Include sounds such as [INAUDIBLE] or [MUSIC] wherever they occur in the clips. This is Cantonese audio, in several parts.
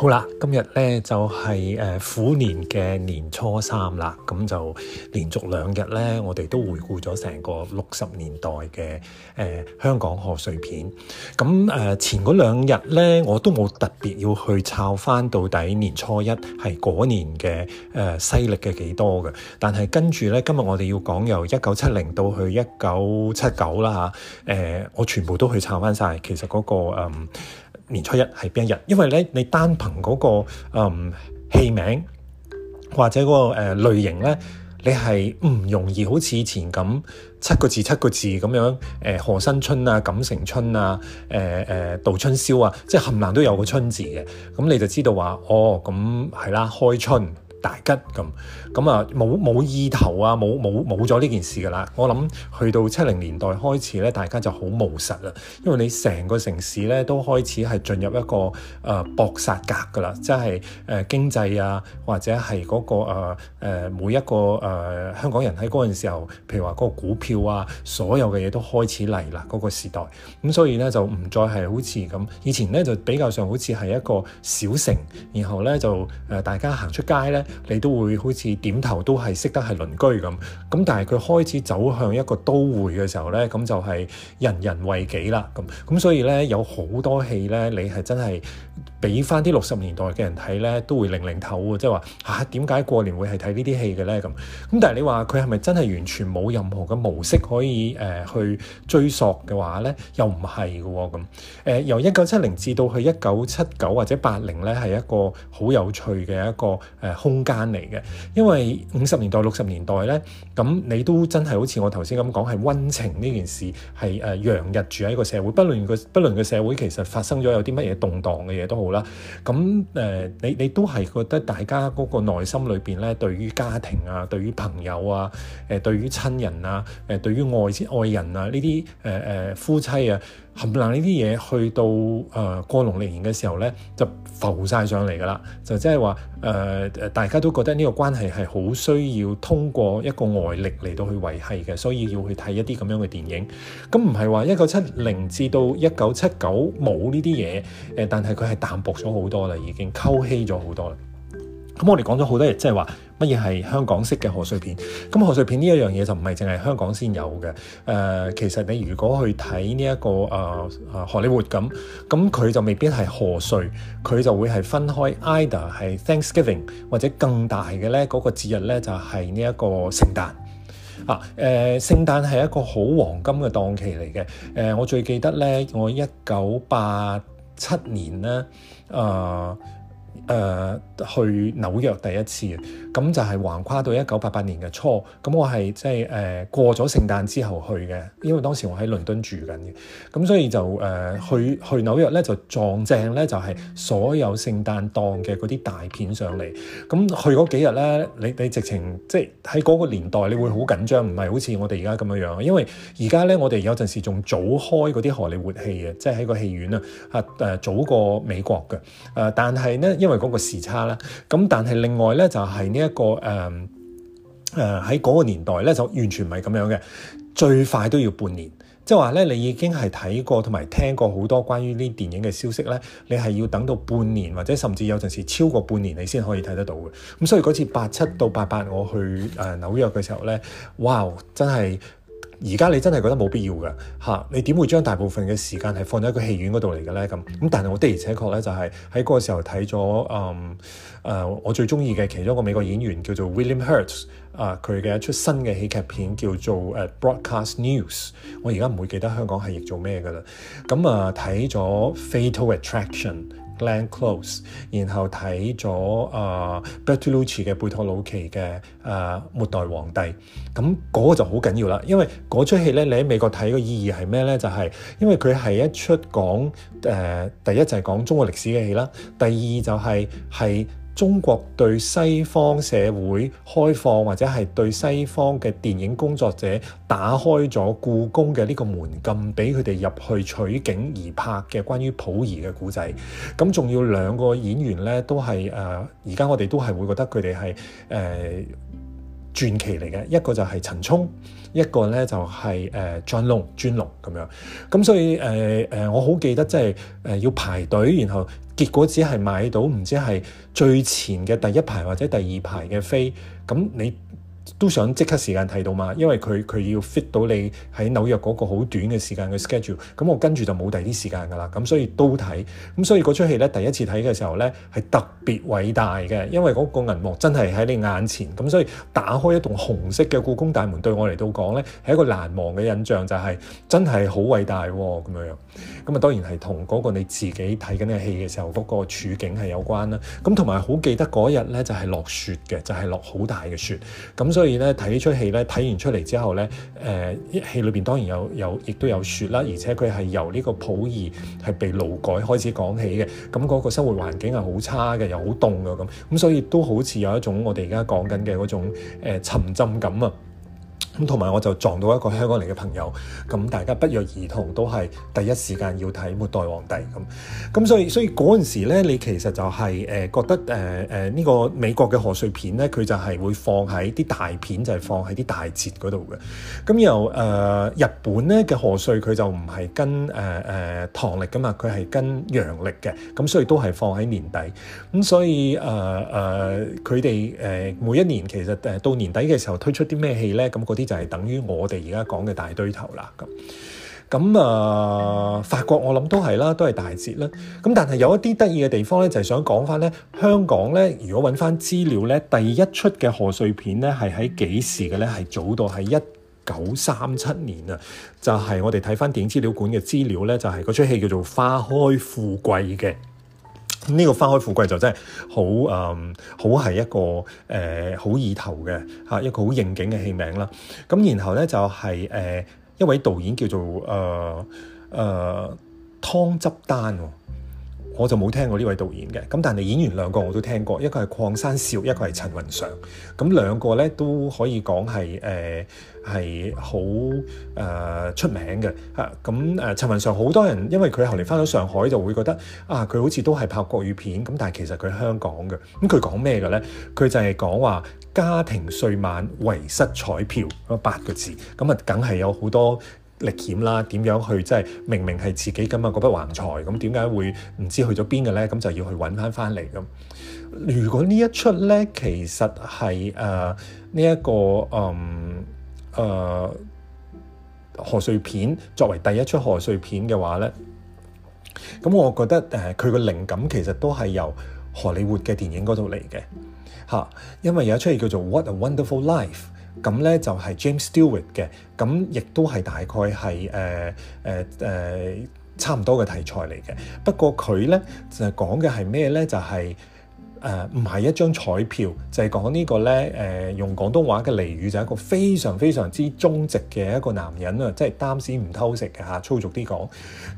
好啦，今日咧就係、是、誒、呃、虎年嘅年初三啦，咁就連續兩日咧，我哋都回顧咗成個六十年代嘅誒、呃、香港賀歲片。咁誒、呃、前嗰兩日咧，我都冇特別要去抄返到底年初一係嗰年嘅誒、呃、西曆嘅幾多嘅。但係跟住咧，今日我哋要講由一九七零到去一九七九啦，誒、呃、我全部都去抄返晒。其實嗰、那個誒。嗯年初一係邊一日？因為咧，你單憑嗰、那個誒、嗯、戲名或者嗰、那個類、呃、類型咧，你係唔容易好似前咁七個字七個字咁樣誒、呃，何新春啊、錦城春啊、誒誒盪春宵啊，即係冚 𠰤 都有個春字嘅，咁你就知道話，哦，咁係啦，開春。大吉咁咁啊，冇冇意頭啊，冇冇冇咗呢件事㗎喇！我諗去到七零年代開始咧，大家就好務實啦，因為你成個城市咧都開始係進入一個誒、呃、搏殺格㗎喇，即係誒、呃、經濟啊，或者係嗰、那個誒、呃、每一個誒、呃、香港人喺嗰陣時候，譬如話嗰個股票啊，所有嘅嘢都開始嚟啦嗰個時代。咁所以咧就唔再係好似咁以前咧就比較上好似係一個小城，然後咧就、呃、大家行出街咧。你都會好似點頭都係識得係鄰居咁，咁但係佢開始走向一個都會嘅時候呢，咁就係人人為己啦咁，咁所以呢，有好多戲呢，你係真係俾翻啲六十年代嘅人睇呢，都會擰擰頭喎，即係話嚇點解過年會係睇呢啲戲嘅呢？咁，咁但係你話佢係咪真係完全冇任何嘅模式可以誒、呃、去追索嘅話呢，又唔係嘅喎咁，誒、呃、由一九七零至到去一九七九或者八零呢，係一個好有趣嘅一個誒、呃、空.空間嚟嘅，因為五十年代六十年代咧，咁你都真係好似我頭先咁講，係溫情呢件事係誒，洋溢住喺個社會，不論個不論個社會，其實發生咗有啲乜嘢動蕩嘅嘢都好啦。咁誒、呃，你你都係覺得大家嗰個內心裏邊咧，對於家庭啊，對於朋友啊，誒、呃，對於親人啊，誒、呃，對於愛愛人啊呢啲誒誒夫妻啊。冚唪呢啲嘢去到誒、呃、過農曆年嘅時候咧，就浮晒上嚟㗎啦，就即係話誒誒，大家都覺得呢個關係係好需要通過一個外力嚟到去維繫嘅，所以要去睇一啲咁樣嘅電影。咁唔係話一九七零至到一九七九冇呢啲嘢誒，但係佢係淡薄咗好多啦，已經溝稀咗好多啦。咁我哋講咗好多嘢，即係話乜嘢係香港式嘅賀歲片。咁賀歲片呢一樣嘢就唔係淨係香港先有嘅。誒、呃，其實你如果去睇呢一個誒、呃啊、荷里活咁，咁、嗯、佢就未必係賀歲，佢就會係分開。Either 係 Thanksgiving 或者更大嘅咧嗰個節日咧就係呢一個聖誕。啊誒、呃，聖誕係一個好黃金嘅檔期嚟嘅。誒、呃，我最記得咧，我一九八七年咧誒。呃誒、呃、去紐約第一次，咁就係橫跨到一九八八年嘅初，咁我係即係誒過咗聖誕之後去嘅，因為當時我喺倫敦住緊嘅，咁所以就誒、呃、去去紐約咧就撞正咧就係、是、所有聖誕檔嘅嗰啲大片上嚟，咁去嗰幾日咧，你你直情即係喺嗰個年代，你會好緊張，唔係好似我哋而家咁樣樣，因為而家咧我哋有陣時仲早開嗰啲荷里活戲嘅，即係喺個戲院啊誒、啊、早過美國嘅，誒、啊、但係咧因為嗰個時差啦，咁但係另外咧就係呢一個誒誒喺嗰個年代咧就完全唔係咁樣嘅，最快都要半年，即係話咧你已經係睇過同埋聽過好多關於呢電影嘅消息咧，你係要等到半年或者甚至有陣時超過半年你先可以睇得到嘅，咁所以嗰次八七到八八我去誒紐約嘅時候咧，哇，真係～而家你真係覺得冇必要嘅嚇，你點會將大部分嘅時間係放喺個戲院嗰度嚟嘅咧咁？咁但係我的而且確咧，就係喺嗰個時候睇咗誒誒我最中意嘅其中一個美國演員叫做 William Hurt 啊、呃，佢嘅一出新嘅喜劇片叫做誒、啊、Broadcast News。我而家唔會記得香港係譯做咩㗎啦。咁啊睇咗 Fatal Attraction。Land Close》，然後睇咗 b 啊，貝、呃、托魯奇嘅貝托魯奇嘅《誒、呃、末代皇帝》嗯，咁、那、嗰個就好緊要啦。因為嗰出戲咧，你喺美國睇嘅意義係咩咧？就係、是、因為佢係一出講誒、呃，第一就係講中國歷史嘅戲啦，第二就係、是、係、是中國對西方社會開放，或者係對西方嘅電影工作者打開咗故宮嘅呢個門禁，俾佢哋入去取景而拍嘅關於溥儀嘅故仔。咁仲要兩個演員咧，都係誒，而、呃、家我哋都係會覺得佢哋係誒傳奇嚟嘅。一個就係陳沖，一個咧就係誒尊龍、尊龍咁樣。咁所以誒誒、呃呃，我好記得即係誒要排隊，然後。結果只係買到，唔知係最前嘅第一排或者第二排嘅飛，咁你。都想即刻時間睇到嘛？因為佢佢要 fit 到你喺紐約嗰個好短嘅時間嘅 schedule，咁我跟住就冇第啲時間㗎啦。咁所以都睇，咁所以嗰出戲咧第一次睇嘅時候咧係特別偉大嘅，因為嗰個銀幕真係喺你眼前，咁所以打開一棟紅色嘅故宮大門對我嚟到講咧係一個難忘嘅印象，就係、是、真係好偉大喎咁樣樣。咁啊當然係同嗰個你自己睇緊嘅戲嘅時候嗰、嗰個處境係有關啦。咁同埋好記得嗰日咧就係落雪嘅，就係落好大嘅雪咁。所以咧睇呢出戲咧，睇完，完出嚟之後咧，誒、呃，戲裏邊當然有有，亦都有雪啦，而且佢係由呢個溥儀係被勞改開始講起嘅，咁、嗯、嗰、那個生活環境係好差嘅，又好凍嘅咁，咁、嗯、所以都好似有一種我哋而家講緊嘅嗰種誒、呃、沉浸感啊。咁同埋我就撞到一個香港嚟嘅朋友，咁大家不約而同都係第一時間要睇《末代皇帝》咁，咁所以所以嗰陣時咧，你其實就係誒覺得誒誒呢個美國嘅賀歲片咧，佢就係會放喺啲大片，就係、是、放喺啲大節嗰度嘅。咁又誒日本咧嘅賀歲佢就唔係跟誒誒、呃、唐曆噶嘛，佢係跟陽曆嘅，咁所以都係放喺年底。咁所以誒誒佢哋誒每一年其實誒到年底嘅時候推出啲咩戲咧，咁嗰啲。就係、是、等於我哋而家講嘅大堆頭啦、啊，咁咁啊法國我諗都係啦，都係大節啦。咁但係有一啲得意嘅地方咧，就係、是、想講翻咧，香港咧，如果揾翻資料咧，第一出嘅賀歲片咧，係喺幾時嘅咧？係早到喺一九三七年啊，就係我哋睇翻電影資料館嘅資料咧，就係嗰出戲叫做《花開富貴》嘅。呢、這個花開富貴就真係好，誒，好係一個誒好意頭嘅吓一個好應景嘅戲名啦。咁然後咧就係、是、誒、呃、一位導演叫做誒誒、呃呃、湯汁丹喎、哦。我就冇聽過呢位導演嘅，咁但係演員兩個我都聽過，一個係礦山笑，一個係陳雲尚，咁兩個咧都可以講係誒好出名嘅，咁、啊、誒陳雲尚好多人因為佢後嚟返咗上海就會覺得啊佢好似都係拍國語片，咁但係其實佢係香港嘅，咁佢講咩嘅咧？佢就係講話家庭歲晚遺失彩票咁八個字，咁啊梗係有好多。歷險啦，點樣去？即係明明係自己噶嘛，嗰筆橫財咁，點解會唔知去咗邊嘅咧？咁就要去揾翻翻嚟咁。如果呢一出咧，其實係誒呢一個嗯誒賀歲片，作為第一出賀歲片嘅話咧，咁我覺得誒佢個靈感其實都係由荷里活嘅電影嗰度嚟嘅嚇，因為有一出係叫做《What a Wonderful Life》。咁咧就係 James Stewart 嘅，咁亦都係大概係、呃呃呃、差唔多嘅題材嚟嘅。不過佢咧就係講嘅係咩咧？就係唔係一張彩票，就係、是、講呢個咧、呃、用廣東話嘅俚語，就係、是、一個非常非常之忠直嘅一個男人啊！即係擔屎唔偷食嘅吓，粗俗啲講。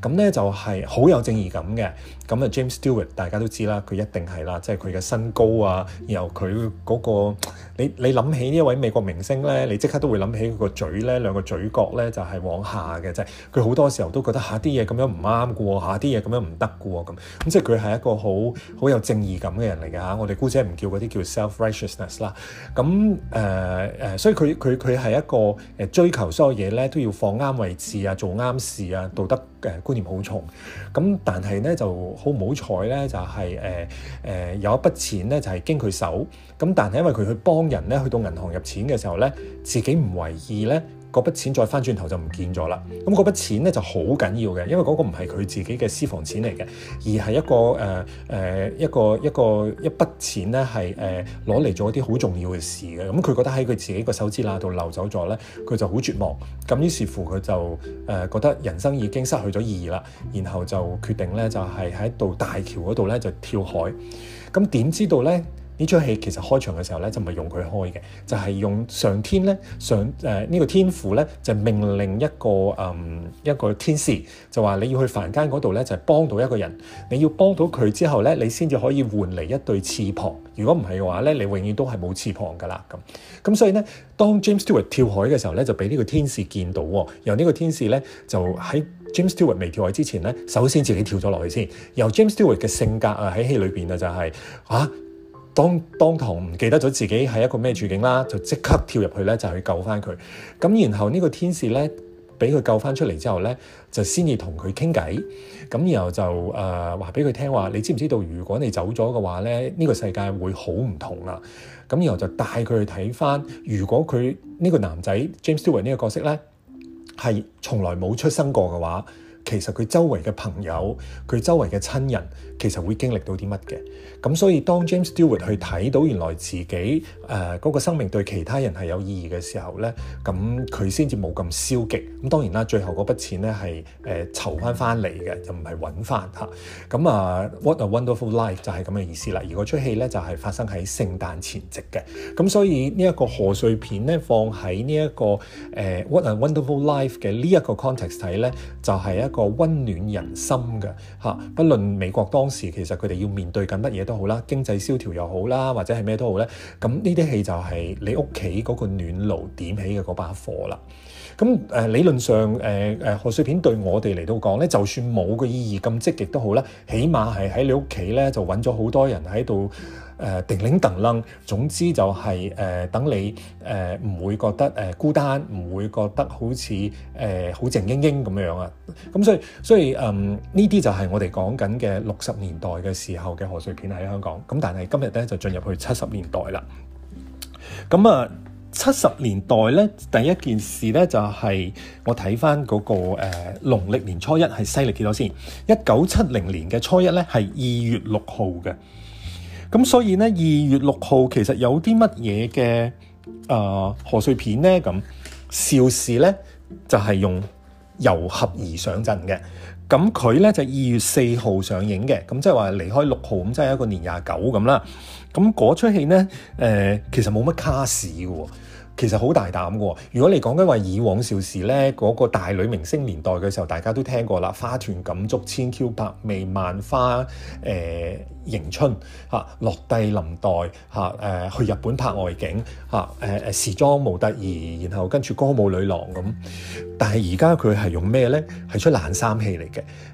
咁咧就係好有正義感嘅。咁啊，James Stewart 大家都知啦，佢一定係啦，即係佢嘅身高啊，然後佢嗰個你你諗起呢一位美國明星咧，你即刻都會諗起佢個嘴咧，兩個嘴角咧就係往下嘅啫。佢好多時候都覺得嚇啲嘢咁樣唔啱嘅喎，嚇啲嘢咁樣唔得嘅喎，咁咁即係佢係一個好好有正義感嘅人嚟嘅吓，我哋姑且唔叫嗰啲叫 self-righteousness 啦。咁誒誒所以佢佢佢係一個誒追求所有嘢咧都要放啱位置啊，做啱事啊，道德嘅觀念好重。咁但係咧就。好唔好彩咧？就係、是呃呃、有一筆錢咧，就係、是、經佢手咁，但係因為佢去幫人咧，去到銀行入錢嘅時候咧，自己唔為意咧。嗰筆錢再翻轉頭就唔見咗啦，咁嗰筆錢咧就好緊要嘅，因為嗰個唔係佢自己嘅私房錢嚟嘅，而係一個誒誒、呃、一個一個一筆錢咧係誒攞嚟做一啲好重要嘅事嘅，咁佢覺得喺佢自己個手指罅度流走咗咧，佢就好絕望，咁於是乎佢就誒、呃、覺得人生已經失去咗意義啦，然後就決定咧就係喺度大橋嗰度咧就跳海，咁點知道咧？呢出戲其實開場嘅時候咧就唔係用佢開嘅，就係用，、就是、用上天咧上誒呢、呃這個天父咧就命令一個誒、呃、一個天使就話你要去凡間嗰度咧就係、是、幫到一個人，你要幫到佢之後咧你先至可以換嚟一對翅膀，如果唔係嘅話咧你永遠都係冇翅膀噶啦咁。咁所以咧當 James Stewart 跳海嘅時候咧就俾呢個天使見到、哦，由呢個天使咧就喺 James Stewart 未跳海之前咧首先自己跳咗落去先。由 James Stewart 嘅性格啊喺戲裏邊啊就係、是、啊。當當堂唔記得咗自己係一個咩處境啦，就即刻跳入去咧，就去救翻佢。咁然後呢個天使咧，俾佢救翻出嚟之後咧，就先至同佢傾偈。咁然後就誒話俾佢聽話，你知唔知道如果你走咗嘅話咧，呢個世界會好唔同啦。咁然後就帶佢去睇翻，如果佢呢個男仔 James Stewart 呢個角色咧，係從來冇出生過嘅話，其實佢周圍嘅朋友，佢周圍嘅親人。其實會經歷到啲乜嘅，咁所以當 James Stewart 去睇到原來自己誒、呃嗰個生命對其他人係有意義嘅時候咧，咁佢先至冇咁消極，咁、嗯、當然啦，最後嗰筆錢咧係誒籌翻翻嚟嘅，又唔係揾翻吓，咁啊,啊，What a Wonderful Life 就係咁嘅意思啦。而嗰出戲咧就係、是、發生喺聖誕前夕嘅。咁、啊、所以呢一個賀歲片咧放喺呢一個誒、呃、What a Wonderful Life 嘅呢一個 context 睇咧，就係、是、一個温暖人心嘅吓、啊、不論美國當。時其實佢哋要面對緊乜嘢都好啦，經濟蕭條又好啦，或者係咩都好咧，咁呢啲戲就係你屋企嗰個暖爐點起嘅嗰把火啦。咁誒、呃，理論上誒誒賀歲片對我哋嚟到講咧，就算冇個意義咁積極都好啦，起碼係喺你屋企咧就揾咗好多人喺度。誒、呃、定叮噹啷，總之就係、是、誒、呃、等你誒唔、呃、會覺得誒、呃、孤單，唔會覺得好似誒好靜英英咁樣啊！咁所以所以誒呢啲就係我哋講緊嘅六十年代嘅時候嘅賀歲片喺香港。咁但係今日咧就進入去七十年代啦。咁啊，七十年代咧第一件事咧就係、是、我睇翻嗰個農曆、呃、年初一係西曆幾多先？一九七零年嘅初一咧係二月六號嘅。咁所以咧，二月六號其實有啲乜嘢嘅呃賀歲片咧？咁邵氏咧就係、是、用遊俠兒上陣嘅。咁佢咧就二、是、月四號上映嘅。咁即係話離開六號咁，即係一個年廿九咁啦。咁嗰出戲咧、呃，其實冇乜卡士喎、哦。其實好大膽喎，如果你講緊話以往邵氏咧嗰，那個大女明星年代嘅時候，大家都聽過啦，花團錦簇、千嬌百媚、萬花、呃、迎春、樂蒂、林黛、呃、去日本拍外景嚇誒誒時裝模特兒，然後跟住歌舞女郎咁。但係而家佢係用咩咧？係出爛衫戲嚟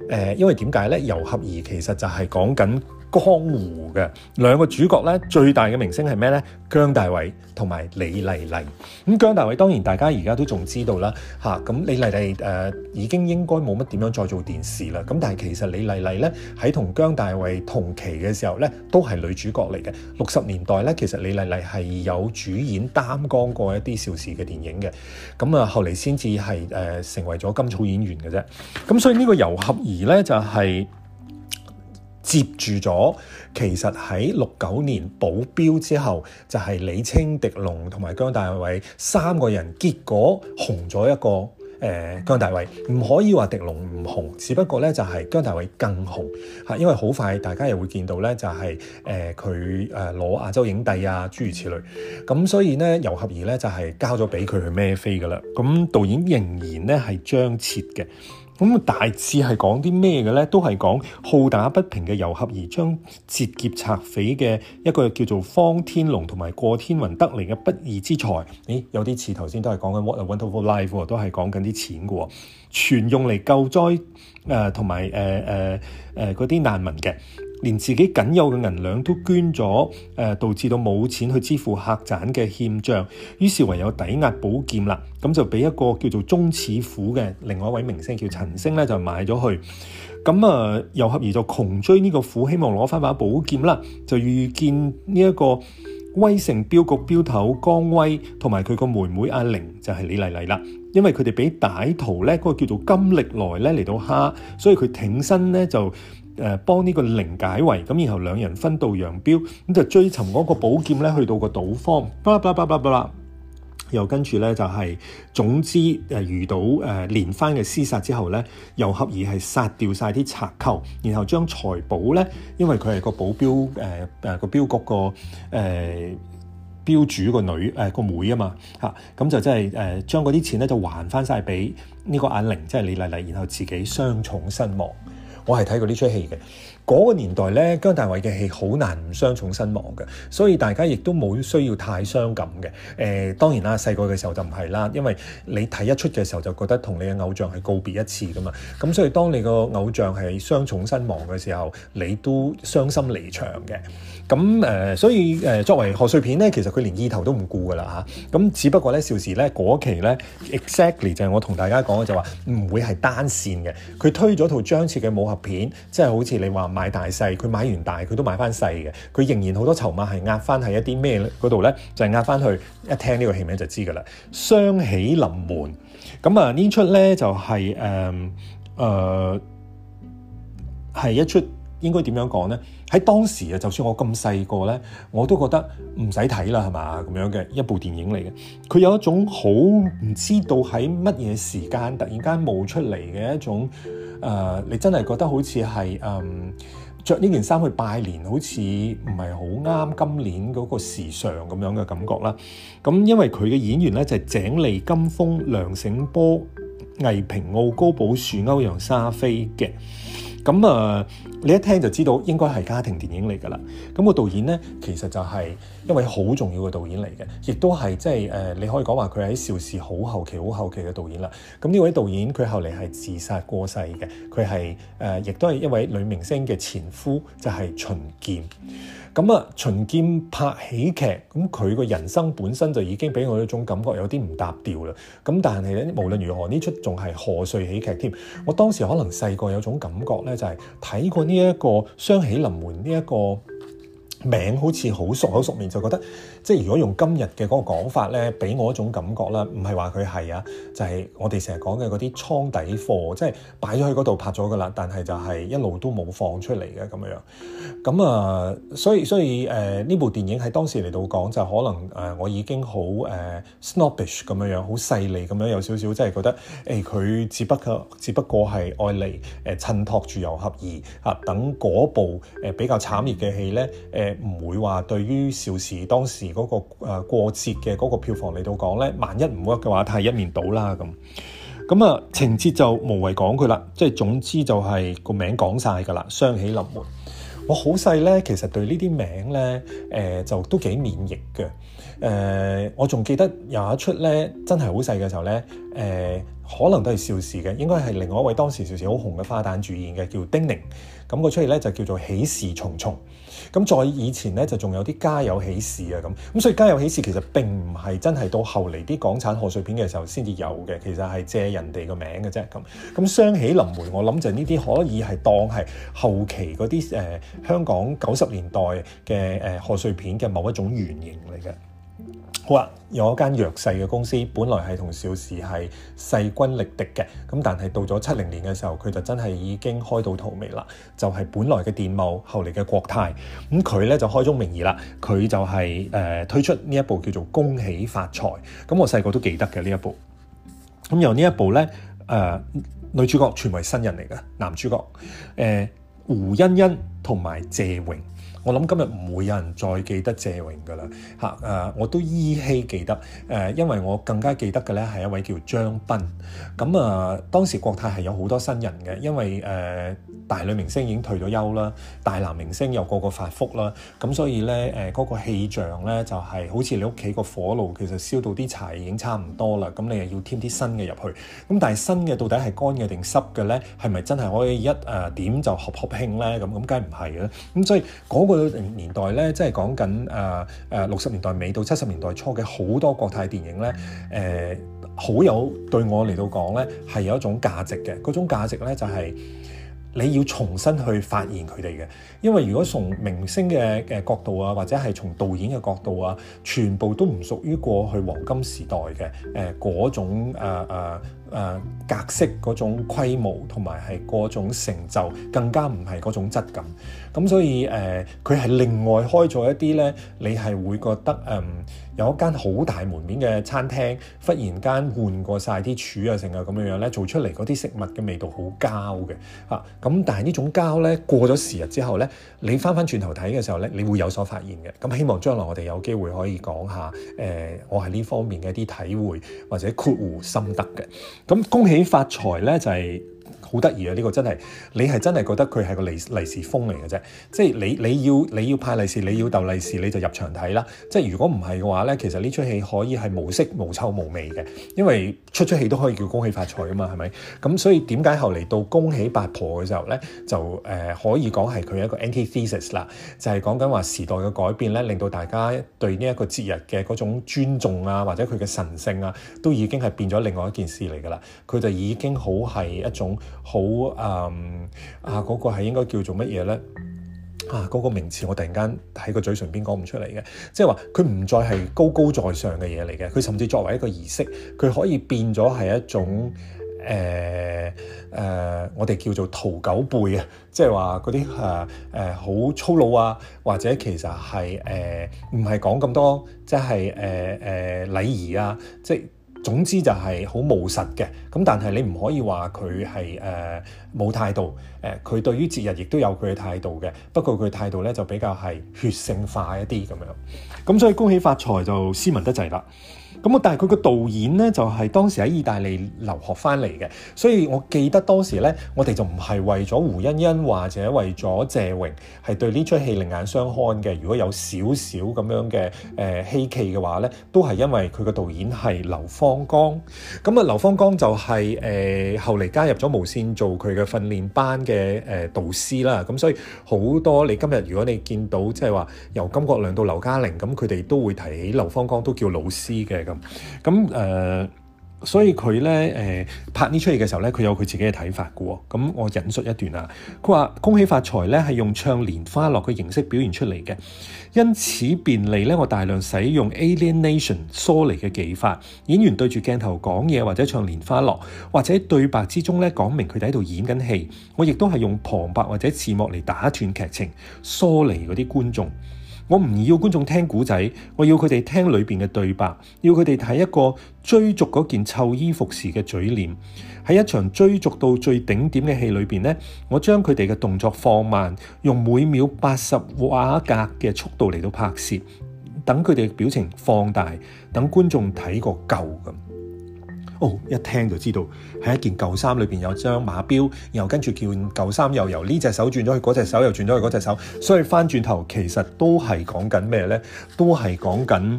嘅，因為點解咧？遊俠兒其實就係講緊。江湖嘅兩個主角咧，最大嘅明星係咩咧？姜大衛同埋李麗麗。咁姜大衛當然大家而家都仲知道啦，吓、啊、咁李麗麗誒、呃、已經應該冇乜點樣再做電視啦。咁但係其實李麗麗咧喺同姜大衛同期嘅時候咧，都係女主角嚟嘅。六十年代咧，其實李麗麗係有主演擔綱過一啲邵氏嘅電影嘅。咁啊，後嚟先至係誒成為咗金草演員嘅啫。咁、啊、所以這個游呢個遊俠兒咧就係、是。接住咗，其實喺六九年保鏢之後，就係、是、李青、狄龍同埋姜大偉三個人，結果紅咗一個江、呃、姜大偉，唔可以話狄龍唔紅，只不過咧就係姜大偉更紅，因為好快大家又會見到咧就係佢攞亞洲影帝啊諸如此類，咁所以咧游合宜遊俠兒咧就係交咗俾佢去孭飛噶啦，咁導演仍然咧係張徹嘅。咁大致係講啲咩嘅咧？都係講好打不平嘅遊俠，而將截劫賊匪嘅一個叫做方天龍同埋過天雲得嚟嘅不義之財。誒，有啲似頭先都係講緊 What a Wonderful Life 喎、哦，都係講緊啲錢喎，全用嚟救災，誒，同埋誒誒誒嗰啲難民嘅。連自己僅有嘅銀兩都捐咗，誒導致到冇錢去支付客棧嘅欠帳，於是唯有抵押寶劍啦。咁就俾一個叫做宗似虎嘅另外一位明星叫陳星咧，就買咗去。咁啊，遊俠兒就窮追呢個虎，希望攞翻把寶劍啦。就遇見呢一個威城鏢局鏢頭江威同埋佢個妹妹阿玲，就係、是、李麗麗啦。因為佢哋俾歹徒咧，嗰、那個叫做金力來咧嚟到蝦，所以佢挺身咧就。幫呢個靈解圍，咁然後兩人分道揚鑣，咁就追尋嗰個寶劍咧，去到個賭坊，巴又跟住咧就係總之遇到誒連番嘅廝殺之後咧，又合意係殺掉晒啲賊寇，然後將財寶咧，因為佢係個保鏢誒誒個鏢局個誒鏢主個女誒個、呃、妹嘛啊嘛嚇，咁就真係誒將嗰啲錢咧就還翻晒俾呢個阿玲，即係李麗麗，然後自己傷重身亡。我係睇過呢出戲嘅，嗰、那個年代咧，姜大衛嘅戲好難唔傷重身亡嘅，所以大家亦都冇需要太傷感嘅。誒、呃，當然啦，細個嘅時候就唔係啦，因為你睇一出嘅時候就覺得同你嘅偶像係告別一次噶嘛，咁所以當你個偶像係傷重身亡嘅時候，你都傷心離場嘅。咁誒、呃，所以誒、呃，作為賀歲片咧，其實佢連意頭都唔顧噶啦嚇。咁、啊、只不過咧，邵氏咧嗰期咧，exactly 就係我同大家講嘅就話，唔會係單線嘅。佢推咗套張徹嘅武俠片，即係好似你話買大細，佢買完大，佢都買翻細嘅。佢仍然好多籌碼係壓翻喺一啲咩度咧，就係壓翻去。一聽呢個戲名就知噶啦，雙喜臨門。咁啊出呢出咧就係誒誒係一出。應該點樣講呢？喺當時啊，就算我咁細個呢，我都覺得唔使睇啦，係嘛，咁樣嘅一部電影嚟嘅。佢有一種好唔知道喺乜嘢時間突然間冒出嚟嘅一種誒、呃，你真係覺得好似係誒著呢件衫去拜年，好似唔係好啱今年嗰個時尚咁樣嘅感覺啦。咁因為佢嘅演員呢，就係、是、井莉、金峰、梁醒波、魏平澳、高寶樹、歐陽莎菲嘅。咁啊，你一聽就知道應該係家庭電影嚟㗎啦。咁個導演咧，其實就係一位好重要嘅導演嚟嘅，亦都係即係誒，你可以講話佢喺邵氏好後期、好後期嘅導演啦。咁呢位導演佢後嚟係自殺過世嘅，佢係誒，亦都係一位女明星嘅前夫，就係秦劍。咁啊，秦劍拍喜劇，咁佢個人生本身就已經俾我一種感覺有啲唔搭調啦。咁但係咧，無論如何，呢出仲係賀歲喜劇添。我當時可能細個有種感覺咧，就係睇過呢一個《雙喜臨門》呢一個。名好似好熟口熟面就覺得。即係如果用今日嘅嗰個講法咧，俾我一種感覺啦，唔係話佢係啊，就係、是、我哋成日講嘅嗰啲倉底貨，即係擺咗去嗰度拍咗噶啦，但係就係一路都冇放出嚟嘅咁樣樣咁啊，所以所以誒呢、呃、部電影喺當時嚟到講就可能誒、呃、我已經好誒、呃、snobbish 咁樣樣好細膩咁樣有少少即係覺得誒佢、欸、只，只不過只不過係愛嚟誒襯托住遊俠兒吓，啊、等嗰部誒、呃、比較慘烈嘅戲咧誒唔會話對於邵氏當時。嗰、那個誒過節嘅嗰個票房嚟到講咧，萬一唔屈嘅話，太係一面倒啦咁。咁啊、呃、情節就無謂講佢啦，即係總之就係個名講晒㗎啦。雙喜臨門，我好細咧，其實對這些呢啲名咧誒就都幾免疫嘅。誒、呃，我仲記得有一出咧，真係好細嘅時候咧，誒、呃、可能都係邵氏嘅，應該係另外一位當時邵氏好紅嘅花旦主演嘅，叫丁寧。咁個出嚟咧就叫做喜事重重。咁再以前咧，就仲有啲家有喜事啊咁，咁所以家有喜事其實並唔係真係到後嚟啲港產賀歲片嘅時候先至有嘅。其實，係借人哋個名嘅啫。咁咁雙喜臨門，我諗就呢啲可以係當係後期嗰啲誒香港九十年代嘅誒賀歲片嘅某一種原型嚟嘅。好啦、啊，有一間弱勢嘅公司，本來係同邵氏係勢均力敵嘅，咁但係到咗七零年嘅時候，佢就真係已經開到荼蘼啦。就係、是、本來嘅電懋，後嚟嘅國泰，咁佢咧就開宗明義啦。佢就係、是、誒、呃、推出呢一部叫做《恭喜發財》嗯，咁我細個都記得嘅呢一部。咁、嗯、由呢一部咧，誒、呃、女主角全為新人嚟嘅，男主角誒、呃、胡欣欣同埋謝榮。我諗今日唔會有人再記得謝榮噶啦，吓、啊、誒，我都依稀記得誒、啊，因為我更加記得嘅咧係一位叫張斌，咁啊，當時國泰係有好多新人嘅，因為誒、啊、大女明星已經退咗休啦，大男明星又個個發福啦，咁所以咧誒嗰個氣象咧就係、是、好似你屋企個火爐，其實燒到啲柴已經差唔多啦，咁你又要添啲新嘅入去，咁但係新嘅到底係乾嘅定濕嘅咧？係咪真係可以一誒、啊、點就合合興咧？咁咁梗係唔係嘅。咁所以嗰個。那個、年代咧，即係講緊誒誒六十年代尾到七十年代初嘅好多國泰電影咧，誒、呃、好有對我嚟到講咧係有一種價值嘅，嗰種價值咧就係、是、你要重新去發現佢哋嘅，因為如果從明星嘅角度啊，或者係從導演嘅角度啊，全部都唔屬於過去黃金時代嘅誒嗰種誒誒。呃呃誒格式嗰種規模同埋係嗰種成就，更加唔係嗰種質感。咁所以誒，佢、呃、係另外開咗一啲咧，你係會覺得嗯。有一間好大門面嘅餐廳，忽然間換過晒啲柱啊，成啊咁樣樣咧，做出嚟嗰啲食物嘅味道好膠嘅嚇。咁、啊、但係呢種膠咧過咗時日之後咧，你翻翻轉頭睇嘅時候咧，你會有所發現嘅。咁希望將來我哋有機會可以講下、呃、我係呢方面嘅一啲體會或者闊乎心得嘅。咁恭喜發財咧就係、是、～好得意啊！呢、這個真係你係真係覺得佢係個利利是封嚟嘅啫，即係你你要你要派利是，你要逗利是，你就入場睇啦。即係如果唔係嘅話咧，其實呢出戲可以係無色無臭無味嘅，因為出出戲都可以叫恭喜發財啊嘛，係咪？咁所以點解後嚟到恭喜八婆嘅時候咧，就誒、呃、可以講係佢一個 antithesis 啦，就係講緊話時代嘅改變咧，令到大家對呢一個節日嘅嗰種尊重啊，或者佢嘅神性啊，都已經係變咗另外一件事嚟㗎啦。佢就已經好係一種。好誒、嗯、啊！嗰、那個係應該叫做乜嘢咧？啊，嗰、那個名詞我突然間喺個嘴唇邊講唔出嚟嘅，即係話佢唔再係高高在上嘅嘢嚟嘅，佢甚至作為一個儀式，佢可以變咗係一種誒誒、呃呃，我哋叫做屠狗輩啊，即係話嗰啲誒誒好粗魯啊，或者其實係誒唔係講咁多，即係誒誒禮儀啊，即、就、係、是。總之就係好務實嘅，咁但係你唔可以話佢係誒冇態度，誒、呃、佢對於節日亦都有佢嘅態度嘅，不過佢態度咧就比較係血腥化一啲咁樣，咁所以恭喜發財就斯文得滯啦。咁啊，但係佢個導演呢，就係、是、當時喺意大利留學翻嚟嘅，所以我記得當時呢，我哋就唔係為咗胡欣欣或者為咗謝榮係對呢出戲另眼相看嘅。如果有少少咁樣嘅誒希冀嘅話呢，都係因為佢個導演係劉芳剛咁啊，劉芳剛就係、是呃、後嚟加入咗無線做佢嘅訓練班嘅、呃、導師啦。咁、嗯、所以好多你今日如果你見到即係話由甘國亮到劉嘉玲，咁佢哋都會提起劉芳剛都叫老師嘅咁。咁誒、呃，所以佢咧誒拍呢出戲嘅時候咧，佢有佢自己嘅睇法㗎喎。咁我引述一段啊，佢話：恭喜發財咧係用唱《蓮花落》嘅形式表現出嚟嘅，因此便利咧我大量使用 alienation 疏離嘅技法。演員對住鏡頭講嘢或者唱《蓮花落》，或者對白之中咧講明佢哋喺度演緊戲。我亦都係用旁白或者字幕嚟打斷劇情，疏離嗰啲觀眾。我唔要觀眾聽故仔，我要佢哋聽裏面嘅對白，要佢哋睇一個追逐嗰件臭衣服時嘅嘴臉。喺一場追逐到最頂點嘅戲裏面呢，我將佢哋嘅動作放慢，用每秒八十畫格嘅速度嚟到拍攝，等佢哋嘅表情放大，等觀眾睇個夠。哦、oh，一聽就知道係一件舊衫裏面有張馬錶，然後跟住叫舊衫又由呢隻手轉咗去嗰隻手，又轉咗去嗰隻手，所以翻轉頭其實都係講緊咩呢？都係講緊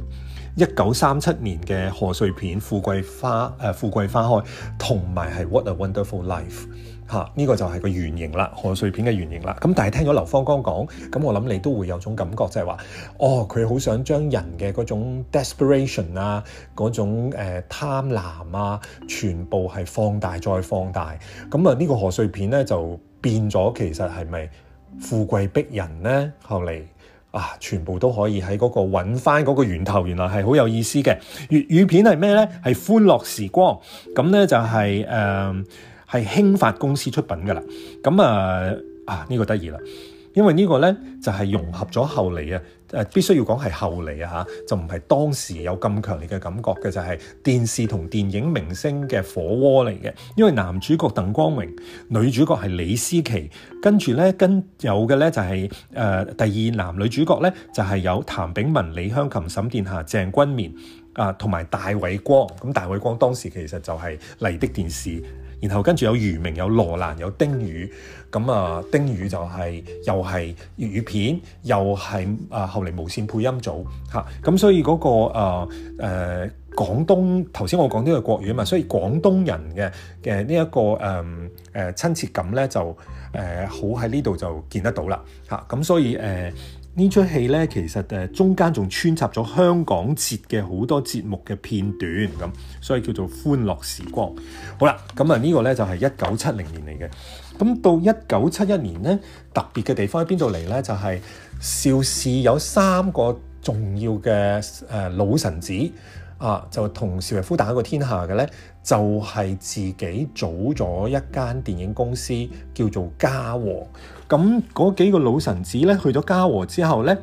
一九三七年嘅賀歲片《富貴花》呃、《富貴花開》，同埋係《What a Wonderful Life》。嚇，呢、這個就係個原型啦，賀歲片嘅原型啦。咁但係聽咗劉芳剛講，咁我諗你都會有種感覺，就係話，哦，佢好想將人嘅嗰種 desperation 啊，嗰種誒、呃、貪婪啊，全部係放大再放大。咁啊，呢個賀歲片咧就變咗，其實係咪富貴逼人咧？後嚟啊，全部都可以喺嗰個揾翻嗰個源頭，原來係好有意思嘅。粵語，語片係咩咧？係《歡樂時光》就是。咁咧就係誒。係興發公司出品嘅啦，咁啊啊呢、呢個得意啦，因為呢個呢，就係、是、融合咗後嚟、呃、啊，誒必須要講係後嚟啊嚇，就唔係當時有咁強烈嘅感覺嘅，就係、是、電視同電影明星嘅火鍋嚟嘅。因為男主角鄧光榮，女主角係李司棋，跟住呢，跟有嘅呢，就係、是、誒、呃、第二男女主角呢，就係、是、有譚炳文、李香琴、沈殿霞、鄭君綿啊，同埋戴偉光。咁戴偉光當時其實就係麗的電視。然後跟住有俞明，有羅蘭，有丁羽，咁啊，丁羽就係、是、又係粵語片，又係啊後嚟無線配音組咁、啊、所以嗰、那個啊誒、呃、廣東頭先我講呢個國語啊嘛，所以廣東人嘅嘅呢一個誒誒親切感咧就、呃、好喺呢度就見得到啦咁、啊、所以誒。呃這呢出戲咧，其實誒中間仲穿插咗香港節嘅好多節目嘅片段，咁所以叫做歡樂時光。好啦，咁、這、啊、個、呢個咧就係一九七零年嚟嘅。咁到一九七一年咧，特別嘅地方喺邊度嚟咧？就係、是、邵氏有三個重要嘅誒老臣子啊，就同邵逸夫打一個天下嘅咧，就係、是、自己組咗一間電影公司叫做嘉禾。咁嗰幾個老臣子咧去咗嘉禾之後咧，佢、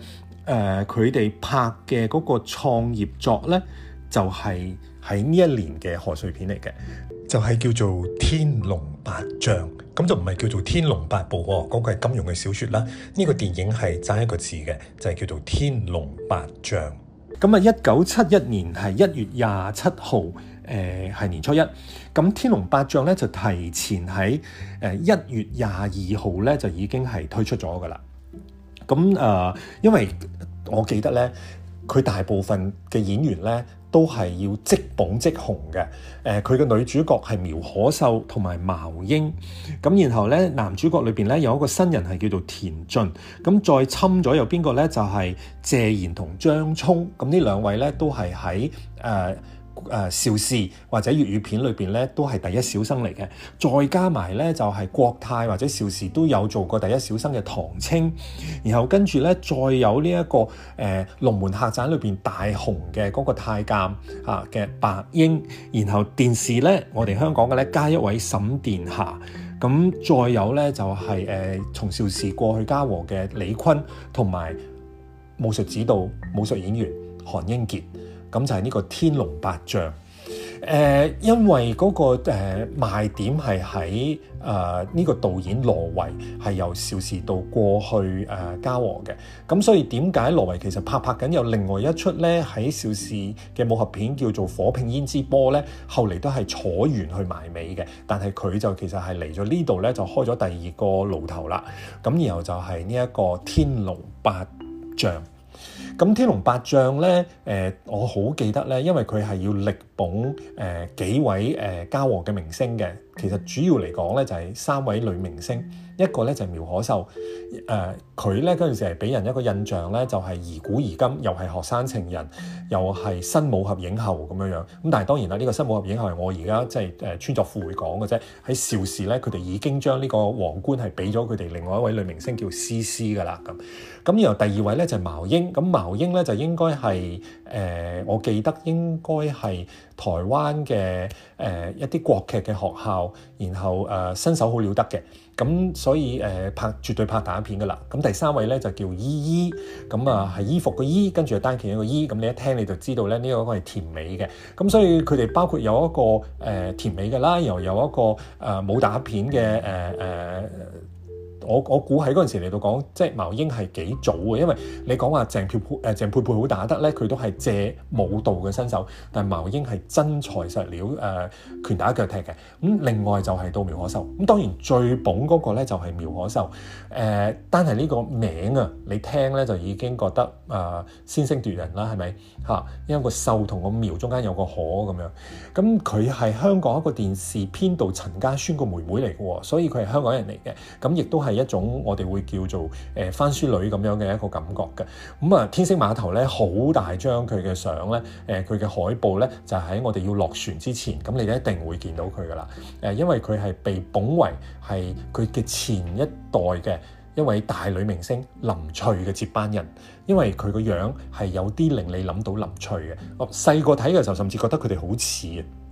呃、哋拍嘅嗰個創業作咧，就係喺呢一年嘅賀歲片嚟嘅，就係、是、叫做《天龍八將》。咁就唔係叫做《天龍八部、哦》喎，嗰個係金庸嘅小説啦。呢、這個電影係爭一個字嘅，就係、是、叫做《天龍八將》。咁啊，一九七一年係一月廿七號，誒係年初一，咁《天龍八將》咧就提前喺誒一月廿二號咧就已經係推出咗噶啦。咁啊，呃，因為我記得咧，佢大部分嘅演員咧。都係要即捧即紅嘅。誒、呃，佢嘅女主角係苗可秀同埋茅瑛。咁，然後咧，男主角裏邊咧有一個新人係叫做田俊。咁，再侵咗有邊個咧就係、是、謝賢同張沖，咁呢兩位咧都係喺誒。呃誒、呃、邵氏或者粵語片裏邊咧，都係第一小生嚟嘅。再加埋咧，就係、是、國泰或者邵氏都有做過第一小生嘅唐青。然後跟住咧，再有呢、這、一個誒、呃《龍門客棧》裏邊大紅嘅嗰個太監啊嘅白英。然後電視咧，我哋香港嘅咧加一位沈殿霞。咁再有咧，就係、是、誒、呃、從邵氏過去嘉禾嘅李坤，同埋武術指導武術演員韓英傑。咁就係呢個天龍《天龍八將》。誒，因為嗰、那個誒、呃、賣點係喺誒呢個導演羅維係由邵氏到過去誒嘉禾嘅。咁、呃、所以點解羅維其實拍拍緊有另外一出咧喺邵氏嘅武俠片叫做《火拼胭脂波》咧？後嚟都係坐完去埋尾嘅。但係佢就其實係嚟咗呢度咧，就開咗第二個爐頭啦。咁然後就係呢一個天龍八《天龍八將》。咁《天龍八將》咧，誒我好記得咧，因為佢係要力捧誒、呃、幾位誒嘉禾嘅明星嘅。其實主要嚟講咧，就係、是、三位女明星，一個咧就係、是、苗可秀，誒佢咧嗰陣時係俾人一個印象咧，就係、是、而古而今，又係學生情人，又係新武俠影后咁樣樣。咁但係當然啦，呢、這個新武俠影后係我、就是呃、而家即係誒穿鑿附會講嘅啫。喺邵氏咧，佢哋已經將呢個皇冠係俾咗佢哋另外一位女明星叫施思㗎喇咁。咁然後第二位咧就係、是、茅瑛，咁、嗯、茅瑛咧就應該係誒，我記得應該係。台灣嘅誒、呃、一啲國劇嘅學校，然後誒、呃、身手好了得嘅，咁所以誒、呃、拍絕對拍打片㗎喇。咁第三位咧就叫依依，咁啊係衣服個衣，跟住單劍一個衣。咁你一聽你就知道咧呢、呢個係甜美嘅。咁所以佢哋包括有一個誒、呃、甜美嘅啦，然後有一個誒武、呃、打片嘅誒誒。呃呃我我估喺嗰陣時嚟到講，即係茅英係幾早嘅，因為你講話鄭佩誒、呃、鄭佩佩好打得咧，佢都係借舞蹈嘅身手，但係茅英係真材實料誒、呃、拳打腳踢嘅。咁、嗯、另外就係到苗可秀，咁、嗯、當然最捧嗰個咧就係、是、苗可秀誒。單係呢個名啊，你聽咧就已經覺得誒、呃、先聲奪人啦，係咪嚇？因為個秀同個苗中間有個可咁樣。咁佢係香港一個電視編導陳家宣個妹妹嚟嘅喎，所以佢係香港人嚟嘅。咁、嗯、亦都係。一種我哋會叫做誒番書女咁樣嘅一個感覺嘅，咁啊天星碼頭咧好大張佢嘅相咧，誒佢嘅海報咧就喺我哋要落船之前，咁你一定會見到佢噶啦，誒因為佢係被捧為係佢嘅前一代嘅一位大女明星林翠嘅接班人，因為佢個樣係有啲令你諗到林翠嘅，我細個睇嘅時候甚至覺得佢哋好似。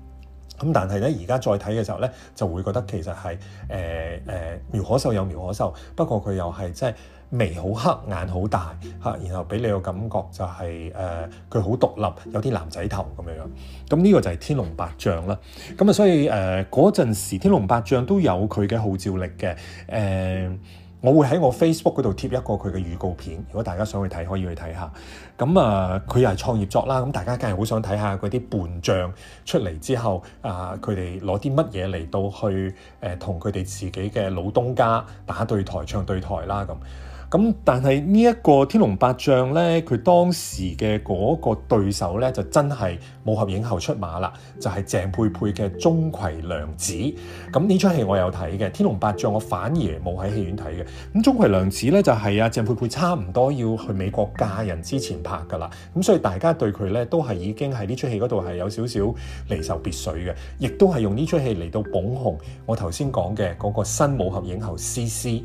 咁但係咧，而家再睇嘅時候咧，就會覺得其實係誒、呃呃、苗可秀有苗可秀，不過佢又係即係眉好黑、眼好大、啊、然後俾你個感覺就係誒佢好獨立，有啲男仔頭咁樣樣。咁呢個就係天龍八將啦。咁啊，所以誒嗰陣時天龍八將都有佢嘅號召力嘅誒。呃我會喺我 Facebook 嗰度貼一個佢嘅預告片，如果大家想去睇，可以去睇下。咁啊，佢又係創業作啦，咁大家梗係好想睇下嗰啲叛將出嚟之後啊，佢哋攞啲乜嘢嚟到去誒同佢哋自己嘅老東家打對台、唱對台啦咁。咁但係呢一個天龍八將咧，佢當時嘅嗰個對手咧，就真係武俠影后出馬啦，就係鄭佩佩嘅《鍾馗娘子》。咁呢出戲我有睇嘅，《天龍八將》我反而冇喺戲院睇嘅。咁《鍾馗娘子》咧就係啊鄭佩佩差唔多要去美國嫁人之前拍噶啦。咁所以大家對佢咧都係已經喺呢出戲嗰度係有少少離愁別緒嘅，亦都係用呢出戲嚟到捧紅我頭先講嘅嗰個新武俠影后 C C。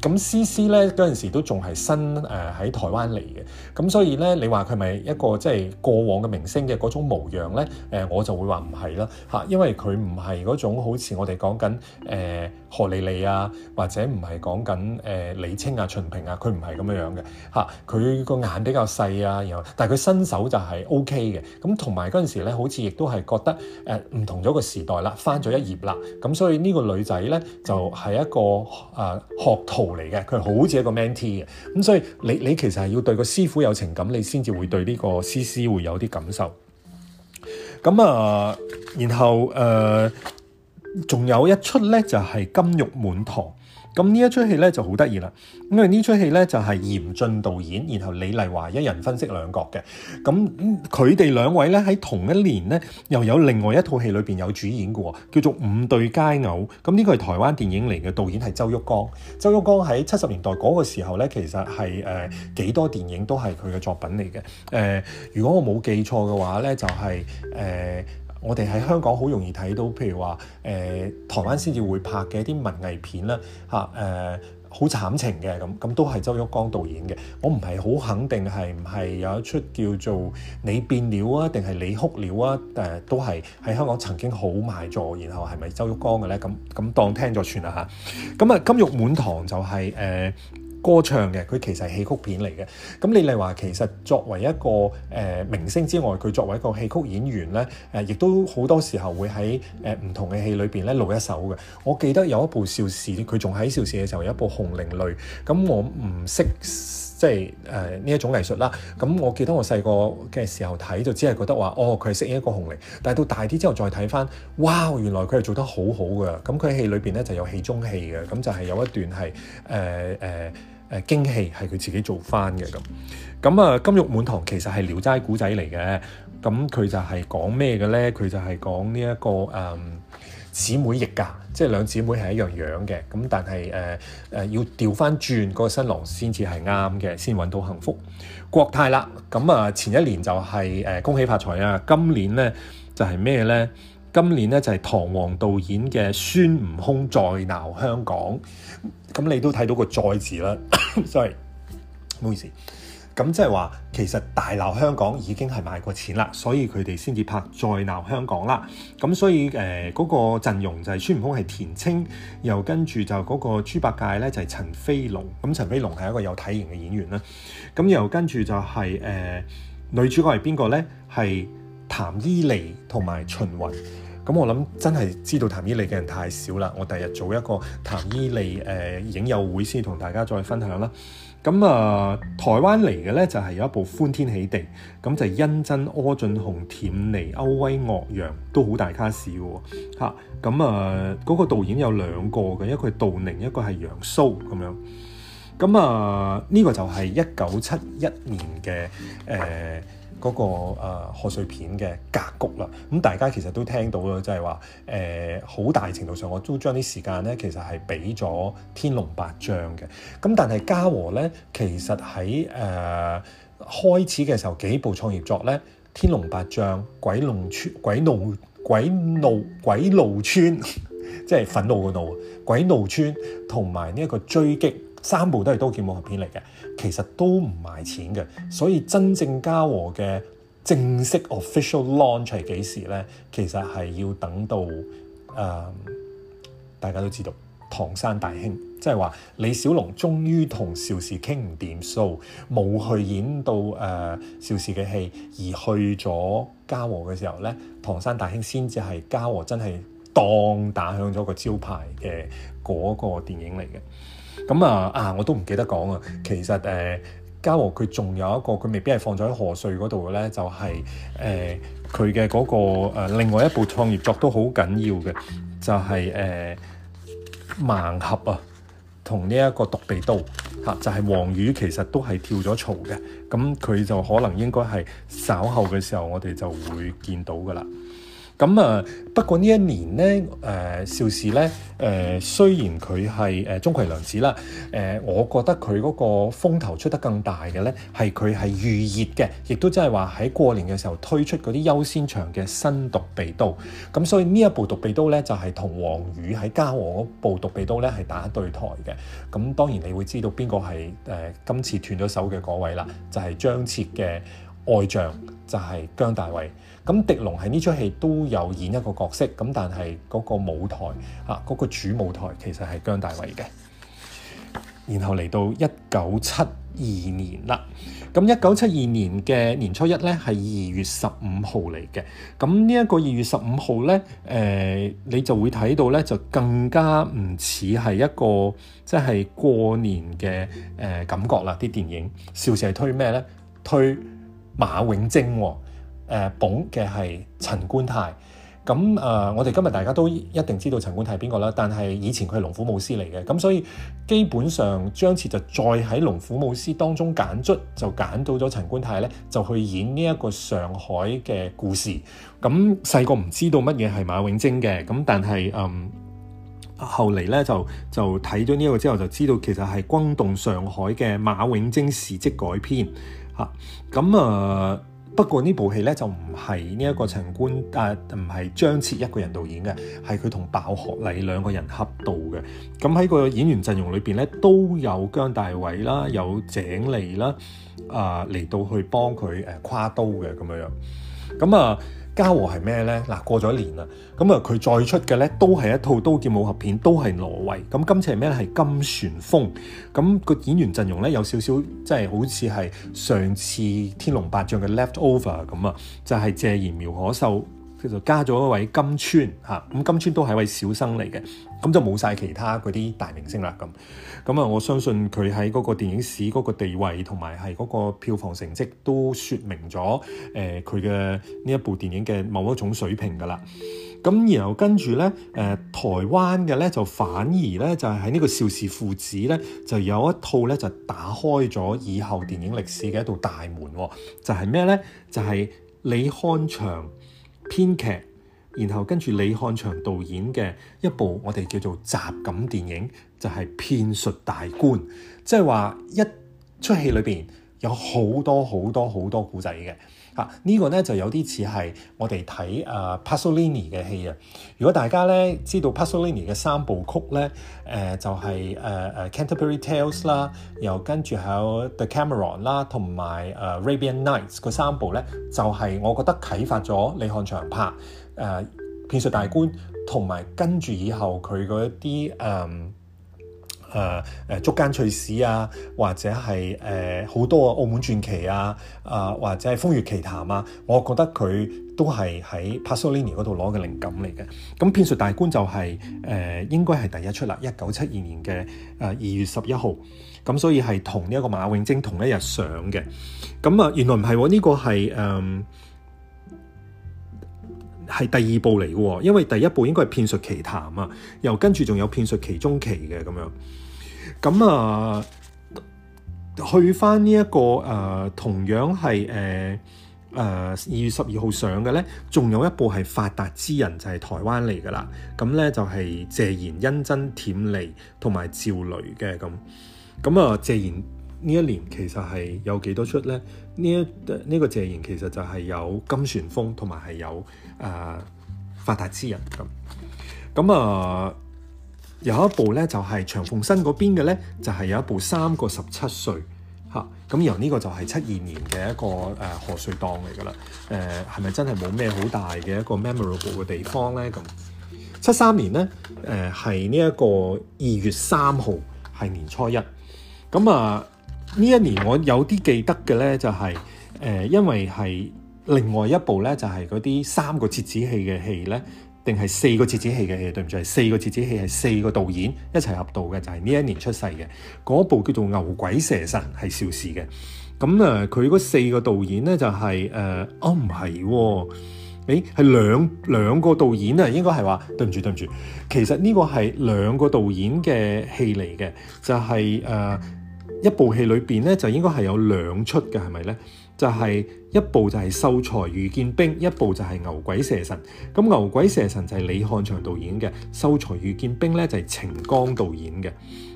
咁 C C 咧陣時。都仲係新誒喺、呃、台灣嚟嘅，咁所以咧，你話佢咪一個即係過往嘅明星嘅嗰種模樣咧？誒、呃、我就會話唔係啦吓，因為佢唔係嗰種好似我哋講緊誒何莉莉啊，或者唔係講緊誒李菁啊、秦萍啊，佢唔係咁樣樣嘅吓，佢個眼比較細啊，然後但係佢身手就係 O K 嘅，咁同埋嗰陣時咧，好似亦都係覺得誒唔、呃、同咗個時代啦，翻咗一頁啦，咁所以呢個女仔咧就係一個誒學徒嚟嘅，佢好似一個。呃、一個 man。嘅，咁所以你你其實係要對個師傅有情感，你先至會對呢個師師會有啲感受。咁啊，然後誒，仲、呃、有一出咧就係、是、金玉滿堂。咁呢一出戲咧就好得意啦，因為呢出戲咧就係、是、嚴俊導演，然後李麗華一人分飾兩角嘅。咁佢哋兩位咧喺同一年咧又有另外一套戲裏面有主演嘅，叫做《五對佳偶》。咁呢個係台灣電影嚟嘅，導演係周旭光。周旭光喺七十年代嗰個時候咧，其實係誒幾多電影都係佢嘅作品嚟嘅、呃。如果我冇記錯嘅話咧，就係、是呃我哋喺香港好容易睇到，譬如話，誒、呃、台灣先至會拍嘅一啲文藝片啦，嚇誒好慘情嘅咁，咁都係周旭光導演嘅。我唔係好肯定係唔係有一出叫做你變了啊，定係你哭了啊，誒都係喺香港曾經好賣座，然後係咪周旭光嘅咧？咁咁當聽咗傳啦嚇。咁啊，金玉滿堂就係、是、誒。呃歌唱嘅，佢其實係戲曲片嚟嘅。咁李麗華其實作為一個誒、呃、明星之外，佢作為一個戲曲演員咧，誒、呃、亦都好多時候會喺誒唔同嘅戲裏邊咧露一手嘅。我記得有一部《邵氏》，佢仲喺《邵氏》嘅時候有一部《紅伶淚》。咁、嗯、我唔識即係誒呢一種藝術啦。咁、嗯、我記得我細個嘅時候睇就只係覺得話，哦，佢係飾演一個紅伶。但係到大啲之後再睇翻，哇，原來佢係做得很好好㗎。咁佢喺戲裏邊咧就有戲中戲嘅，咁、嗯、就係、是、有一段係誒誒。呃呃誒驚喜係佢自己做翻嘅咁，咁啊金玉滿堂其實係聊齋古仔嚟嘅。咁、啊、佢就係講咩嘅咧？佢就係講呢、這、一個誒姊、嗯、妹譯噶，即係兩姊妹係一樣樣嘅，咁、啊、但係誒誒要調翻轉個新郎先至係啱嘅，先揾到幸福。國泰啦，咁啊前一年就係、是、誒、啊、恭喜發財啊，今年咧就係咩咧？今年咧就係唐王導演嘅孫悟空再鬧香港。咁你都睇到個再字啦 [COUGHS] ，sorry，唔好意思。咁即係話，其實大鬧香港已經係賣過錢啦，所以佢哋先至拍再鬧香港啦。咁所以誒，嗰、呃那個陣容就係孫悟空係田青，又跟住就嗰個豬八戒咧就係、是、陳飛龍。咁陳飛龍係一個有體型嘅演員啦。咁又跟住就係、是、誒、呃，女主角係邊個咧？係譚伊黎同埋秦云。咁我諗真係知道譚伊麗嘅人太少啦，我第日做一個譚伊麗誒影友會先同大家再分享啦。咁啊、呃，台灣嚟嘅咧就係、是、有一部《歡天喜地》，咁就甄珍、柯俊雄、甜妮、歐威、岳陽都好大卡士喎，咁、哦、啊，嗰、呃那個導演有兩個嘅，一個係杜寧，一個係楊蘇咁樣。咁啊，呢、呃這個就係一九七一年嘅嗰、那個誒、啊、賀歲片嘅格局啦，咁、嗯、大家其實都聽到咯，就係話誒好大程度上，我都將啲時間咧，其實係俾咗《天龍八將的》嘅、嗯。咁但係嘉禾咧，其實喺誒、呃、開始嘅時候幾部創業作咧，《天龍八將》鬼怒村、鬼怒鬼怒鬼怒《鬼怒村》、《鬼怒》、《鬼怒》、《鬼怒村》，即係憤怒嘅怒，《鬼怒村》同埋呢一個追擊。三部都係刀劍武俠片嚟嘅，其實都唔賣錢嘅，所以真正嘉禾嘅正式 official launch 係幾時咧？其實係要等到誒、呃、大家都知道《唐山大兄》，即係話李小龍終於同邵氏傾唔掂數，冇、so, 去演到誒、呃、邵氏嘅戲，而去咗嘉禾嘅時候咧，《唐山大兄》先至係嘉禾真係當打響咗個招牌嘅嗰個電影嚟嘅。咁啊啊！我都唔記得講啊。其實誒，嘉禾佢仲有一個佢未必係放咗喺賀歲嗰度咧，就係誒佢嘅嗰個、啊、另外一部創業作都好緊要嘅，就係誒盲俠啊，同呢一個獨臂刀、啊、就係、是、王羽其實都係跳咗槽嘅。咁佢就可能應該係稍後嘅時候，我哋就會見到噶啦。咁啊，不過呢一年咧，誒邵氏咧，誒、呃、雖然佢係誒鍾馗娘子啦，誒、呃、我覺得佢嗰個風頭出得更大嘅咧，係佢係預熱嘅，亦都即係話喺過年嘅時候推出嗰啲優先場嘅新獨臂刀。咁所以呢一部獨臂刀呢，就係同王羽喺嘉禾嗰部獨臂刀呢係打一對台嘅。咁當然你會知道邊個係誒今次斷咗手嘅嗰位啦，就係、是、張徹嘅愛將，就係、是、姜大衛。咁狄龍喺呢出戲都有演一個角色，咁但係嗰個舞台啊，嗰、那個主舞台其實係姜大衛嘅。然後嚟到一九七二年啦，咁一九七二年嘅年初一咧係二月十五號嚟嘅。咁呢一個二月十五號咧，誒、呃、你就會睇到咧，就更加唔似係一個即係過年嘅誒、呃、感覺啦。啲電影，邵氏係推咩咧？推馬永貞喎、哦。誒捧嘅係陳觀泰，咁誒、呃、我哋今日大家都一定知道陳觀泰係邊個啦，但係以前佢係龍虎武師嚟嘅，咁所以基本上張徹就再喺龍虎武師當中揀卒，就揀到咗陳觀泰咧，就去演呢一個上海嘅故事。咁細個唔知道乜嘢係馬永貞嘅，咁但係嗯後嚟咧就就睇咗呢個個之後，就知道其實係轟動上海嘅馬永貞事蹟改編嚇，咁啊。嗯呃不過呢部戲咧就唔係呢一個陳冠，誒唔係張徹一個人導演嘅，係佢同鮑學禮兩個人合導嘅。咁喺個演員陣容裏邊咧都有姜大衛啦，有井莉啦，啊嚟到去幫佢誒跨刀嘅咁樣樣。咁啊～嘉禾係咩咧？嗱，過咗一年啦，咁啊佢再出嘅咧都係一套刀劍武俠片，都係挪威。咁今次係咩？係《金旋風》。咁個演員陣容咧有少少即係好似係上次《天龍八將》嘅 Leftover 咁啊，就係謝賢、苗可秀。就加咗一位金川吓，咁金川都係一位小生嚟嘅，咁就冇晒其他嗰啲大明星啦。咁咁啊，我相信佢喺嗰個電影史嗰個地位同埋係嗰個票房成績都說明咗誒佢嘅呢一部電影嘅某一種水平噶啦。咁然後跟住咧誒台灣嘅咧就反而咧就係喺呢個邵氏父子咧就有一套咧就打開咗以後電影歷史嘅一道大門，就係咩咧？就係、是、李翰祥。編劇，然後跟住李翰祥導演嘅一部我哋叫做集錦電影，就係騙術大觀，即係話一出戲裏邊有好多好多好多古仔嘅。嚇、啊！這個、呢個咧就有啲似係我哋睇 Pasolini 嘅戲啊！如果大家咧知道 Pasolini 嘅三部曲咧、呃，就係、是呃、Canterbury Tales》啦，又跟住有《The Cameron》啦，同埋、呃、Arabian Nights》嗰三部咧，就係、是、我覺得啟發咗李漢祥拍誒《騙術、呃、大觀》，同埋跟住以後佢嗰啲誒、啊、誒，捉奸趣事啊，或者係誒好多澳門傳奇啊，啊或者係風月奇談啊，我覺得佢都係喺 Pasolini 嗰度攞嘅靈感嚟嘅。咁騙術大觀就係、是、誒、啊、應該係第一出啦，一九七二年嘅誒二月十一號。咁所以係同呢一個馬永貞同一日上嘅。咁啊，原來唔係喎，呢、這個係誒係第二部嚟嘅喎，因為第一部應該係騙術奇談啊，又跟住仲有騙術其中期嘅咁樣。咁啊，去翻呢一個誒、呃，同樣係誒誒二月十二號上嘅咧，仲有一部係、就是就是這個呃《發達之人》，就係台灣嚟噶啦。咁咧就係謝賢、甄珍、恬妮同埋趙雷嘅咁。咁啊，謝賢呢一年其實係有幾多出咧？呢一呢個謝賢其實就係有《金旋風》同埋係有誒《發達之人》咁。咁啊～有一部咧就係、是、長鳳新嗰邊嘅咧，就係、是、有一部三個十七歲嚇，咁、啊、由呢個就係七二年嘅一個誒賀歲檔嚟噶啦，誒係咪真係冇咩好大嘅一個 memorable 嘅地方咧？咁七三年咧，誒係呢一個二月三號係年初一，咁啊呢一年我有啲記得嘅咧就係、是、誒、呃，因為係另外一部咧就係嗰啲三個折子戲嘅戲咧。定係四個節子戲嘅，對唔住，四個節子戲係四個導演一齊合導嘅，就係、是、呢一年出世嘅嗰部叫做《牛鬼蛇神》係肇事嘅。咁佢嗰四個導演咧就係、是、啊、呃，哦唔係，誒係、哦欸、兩兩個導演啊，應該係話對唔住對唔住，其實呢個係兩個導演嘅戲嚟嘅，就係、是呃、一部戲裏面咧就應該係有兩出嘅，係咪咧？就係、是、一部就係、是《秀才遇見兵》，一部就係、是《牛鬼蛇神》。咁《牛鬼蛇神》就係李翰祥導演嘅，《秀才遇見兵》咧就係程剛導演嘅，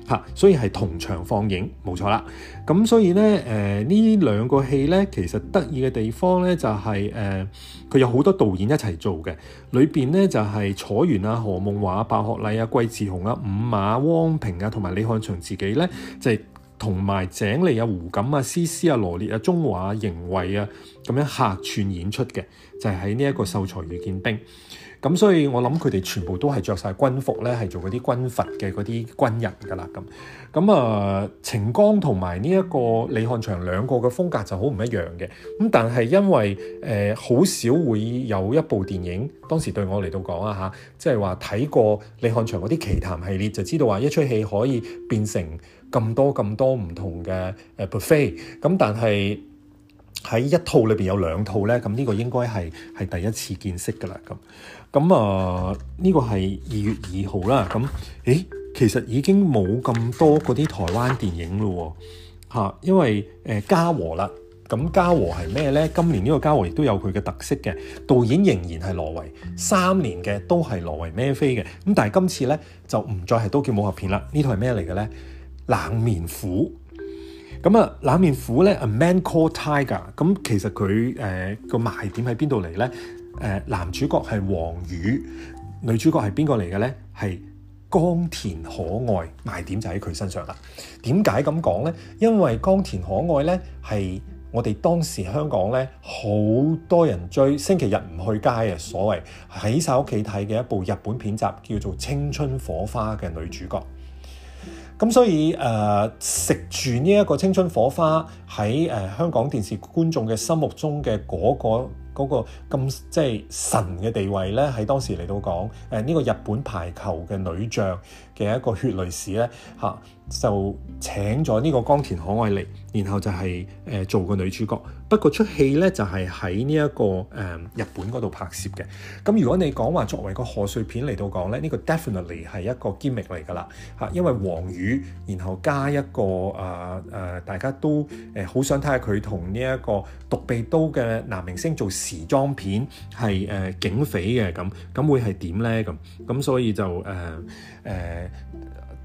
吓，所以係同場放映冇錯啦。咁所以咧，誒、呃、呢兩個戲咧，其實得意嘅地方咧就係誒佢有好多導演一齊做嘅，裏邊咧就係、是、楚原啊、何夢華啊、白學禮啊、桂治洪啊、午馬汪萍啊，同埋李翰祥自己咧就係、是。同埋井莉啊、胡錦啊、施思啊、羅烈啊、中華啊、邢慧啊咁樣客串演出嘅，就係喺呢一個秀才遇見兵。咁所以我諗佢哋全部都係着晒軍服咧，係做嗰啲軍閥嘅嗰啲軍人噶啦咁。咁啊、呃，程剛同埋呢一個李漢祥兩個嘅風格就好唔一樣嘅。咁但係因為誒好、呃、少會有一部電影，當時對我嚟到講啊吓，即係話睇過李漢祥嗰啲奇談系列，就知道話一出戲可以變成。咁多咁多唔同嘅誒 buffet，咁但係喺一套裏邊有兩套咧，咁呢個應該係第一次見識㗎啦。咁咁啊，呢、呃這個係二月二號啦。咁誒、欸，其實已經冇咁多嗰啲台灣電影咯喎、啊、因為誒嘉禾啦。咁嘉禾係咩咧？今年呢個嘉禾亦都有佢嘅特色嘅，導演仍然係羅維，三年嘅都係羅維孭飛嘅。咁但係今次咧就唔再係都叫武俠片啦。呢套係咩嚟嘅咧？冷面虎，咁啊冷面虎咧，A man called Tiger。咁其實佢誒個賣點喺邊度嚟咧？誒男主角係王羽，女主角係邊個嚟嘅咧？係岡田可愛，賣點就喺佢身上啦。點解咁講咧？因為岡田可愛咧係我哋當時香港咧好多人追，星期日唔去街嘅所謂喺曬屋企睇嘅一部日本片集，叫做《青春火花》嘅女主角。咁所以誒、呃，食住呢一個青春火花喺、呃、香港電視觀眾嘅心目中嘅嗰個嗰個咁即係神嘅地位咧，喺當時嚟到講誒呢個日本排球嘅女將。嘅一個血淚史咧，就請咗呢個岡田可愛嚟，然後就係、是呃、做個女主角。不過出戲咧就係喺呢一個、呃、日本嗰度拍攝嘅。咁如果你講話作為個賀歲片嚟到講咧，呢、這個 definitely 係一個 gimmick 嚟噶啦，因為王羽，然後加一個、呃呃、大家都好、呃、想睇下佢同呢一個獨臂刀嘅男明星做時裝片，係、呃、警匪嘅咁，咁會係點咧咁？咁所以就、呃誒、呃、